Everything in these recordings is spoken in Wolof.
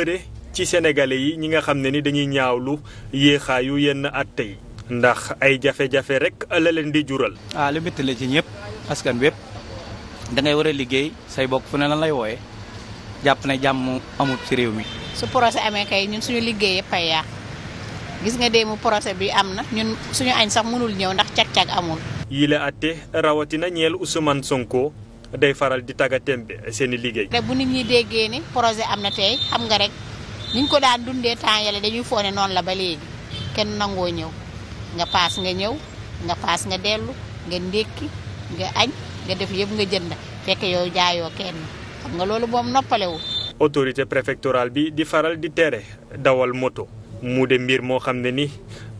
bëre ci sénégalais yi ñi nga xam ne ni dañuy ñaawlu yéexaayu yenn àtte yi ndax ay jafe-jafe rek la leen di jural. ah lu métti la ci ñëpp askan wépp da ngay war a liggéey say bokk fu ne lan lay wooyee jàpp ne jàmm amul ci réew mi. su procès amee kay ñun suñu liggéey yëpp ay yàq gis nga déemu procès bi am na ñun suñu añ sax mënul ñëw ndax cag-cag amul. yii la àtte rawatina ñeel Ousmane Sonko. day faral di tagga tembe seen i liggéey. bu nit ñi déggee ni projet am na tey xam nga rek niñ ko daan dundee temps yàlla dañuy foone noonu la ba léegi kenn nangoo ñëw nga paas nga ñëw nga paas nga dellu nga ndékki nga añ nga def yëpp nga jënd fekk yow jaayoo kenn xam nga loolu moom noppalewul autorité préfectorale bi di faral di tere dawal moto mu de mbir moo xam ne ni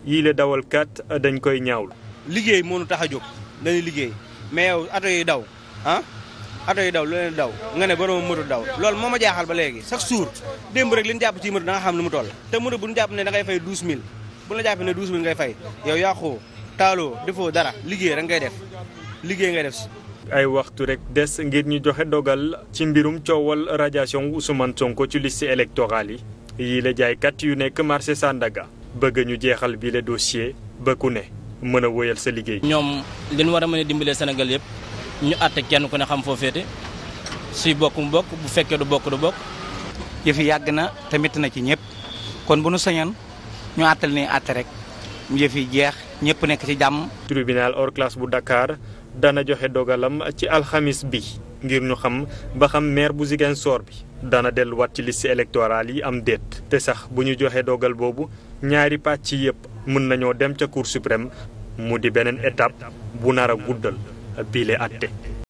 yii la dawalkat dañ koy ñaawlu. liggéey moo tax a jóg dañuy liggéey mais yow yi daw ah? ato yi daw lu leen daw nga ne borom moto daw loolu moo ma jaaxal ba léegi chaque jour démb rek li nu jàpp ci moto da xam lu mu toll te moto bu ñu jàpp ne da ngay fay 12000 bu la jàppee ne 12000 ngay fay yow yàqoo taaloo defoo dara liggéey rek ngay def liggéey ngay def ay waxtu rek des ngir ñu joxe dogal ci mbirum coowal radiation Ousmane Sonko ci liste électorale yi yii la jaaykat yu nekk marché Sandaga bëgg ñu jeexal bi la dossier ba ku ne mën a wóyal sa liggéey. ñoom li war a mën a dimbalee Sénégal yëpp. ñu àtte kenn ko ne xam foo féete suy bokk mu bokk bu fekkee du bokk du bokk. jëf yi yàgg na tamit na ci ñëpp kon bu nu sañoon ñu àttal ni àtte rek yëf yi jeex ñëpp nekk ci jàmm. tribunal hors bu Dakar dana joxe dogalam ci alxamis bi ngir ñu xam ba xam maire bu Ziguinchor bi dana delluwaat ci liste électorale yi am déet te sax bu ñu joxe dogal boobu ñaari pàcc yëpp mën nañoo dem ca cour suprême mu di beneen étape bu nar a guddal. bii le atte